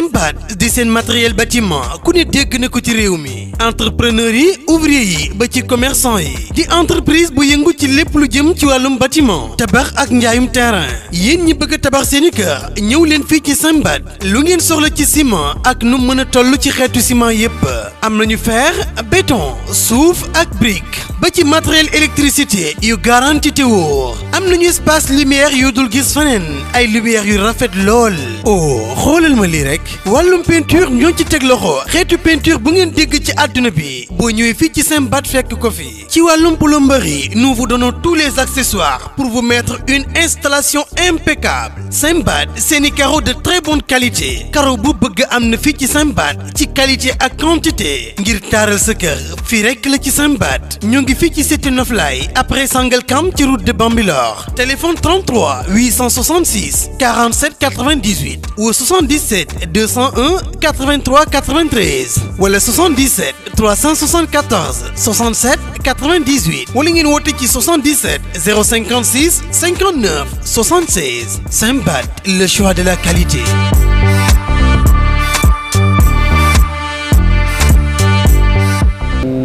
Limbat di seen matériel bâtiment ku ne dégg na ko ci réew mi entrepreneur yi ouvrier yi ba ci commerçant yi di entreprise bu yëngu ci lépp lu jëm ci wàllum bâtiment tabax ak njaayum terrain yéen ñi bëgg tabax seeni ñëw leen fii ci Limbat lu ngeen soxla ci ciment ak nu mën a toll ci xeetu ciment yépp am nañu fer béton suuf ak brique ba ci matériel électricité yu garanti te wóor am nañu espace lumière yu dul gis faneen ay lumière yu rafet lool oh xoolal ma lii rek wàllum peinture ñoo ci teg loxo xeetu peinture bu ngeen dégg ci àdduna bi boo ñëwee fii ci seen baat fekk ko fi ci wàllum plomberie nous vous donnons tous les accessoires pour vous mettre une installation impeccable Simbad seeni carreau de très bonne qualité carreau bu bëgg am na fii ci Simbad ci qualité ak quantité ngir taaral sa kër fii rek la ci Simbad ñoo ngi fii ci Cité Noflaye après Sangalkam ci route de Bambilor téléphone 33 866 47 98 ou 77 201 83 93 wala 77 374 67 98 wala ngeen woote ci 77 056 59 76 Simbat le choix de la qualité.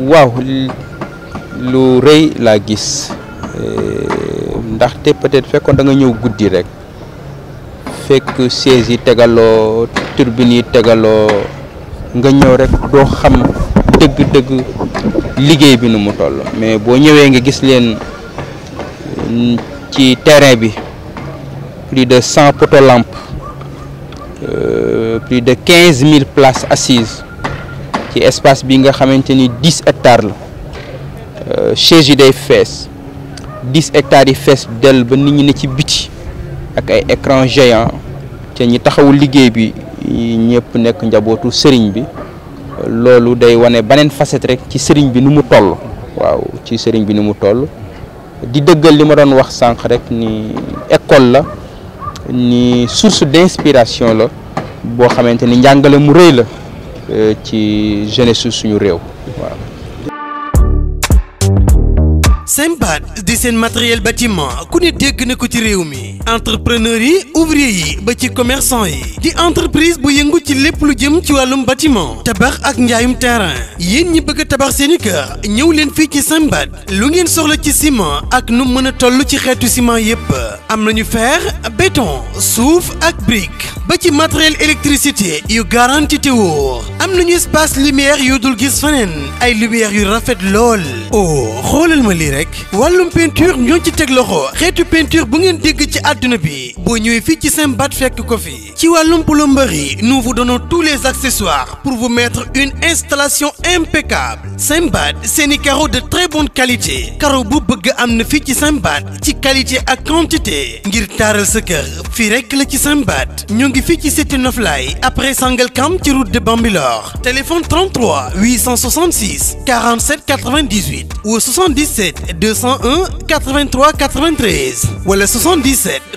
waaw lu rëy laa gis eh, ndaxte peut-être fekkoon da nga ñëw guddi rek fekk sièges yi tegaloo turbine yi tegaloo nga ñëw rek doo xam dëgg-dëgg liggéey bi nu mu toll mais boo ñëwee nga gis leen ci terrain bi plus de cent poteaux lampes euh, plus de quinze mille places assises ci espace bi nga xamante ni dix hectares la euh, chaise yi day fees dix hectares yi fees dell ba nit ñi ne ci biti ak ay écran géant te ñi taxawul liggéey bi ñëpp nekk njabootu sëriñ bi loolu day wane beneen facette rek ci sëriñ bi nu mu toll waaw ci sëriñ bi nu mu toll di dëggal li ma doon wax sànq rek ni école la ni source d'inspiration la boo xamante ni njàngale mu rëy la euh, ci jeunesse suñu réew waaw di seen matériel bâtiment ku ne dégg na ko ci réew mi entrepreneur yi ouvrier yi ba ci commerçant yi di entreprise bu yëngu ci lépp lu jëm ci wàllum batiment tabax ak njaayum terrain yéen ñi bëgg a tabax seeni kër ñëw leen fii ci Simbad lu ngeen soxla ci ciment ak nu mën a toll ci xeetu ciment yépp am na nañu fer béton suuf ak brique ba ci matériel électricité yu garanti te wóor am nañu espace lumière yu dul gis faneen ay lumière yu rafet lool oh xoolal ma lii rek wàllum peinture ñoo ci teg loxo xeetu peinture àdduna bi boo ñëwee fii ci Simbad fekk ko fi ci wàllum plomberie nous vous donnons tous les accessoires pour vous mettre une installation impeccable Simbad seeni carreau de très bonne qualité carreau bu bëgg am na fii ci Simbad ci qualité ak quantité ngir taaral sa kër fii rek la ci Simbad ñoo ngi fii ci cité Noflaye après Sangalkam ci route de Bambilor téléphone 33 866 47 98 ou 77 201 83 93 wala 77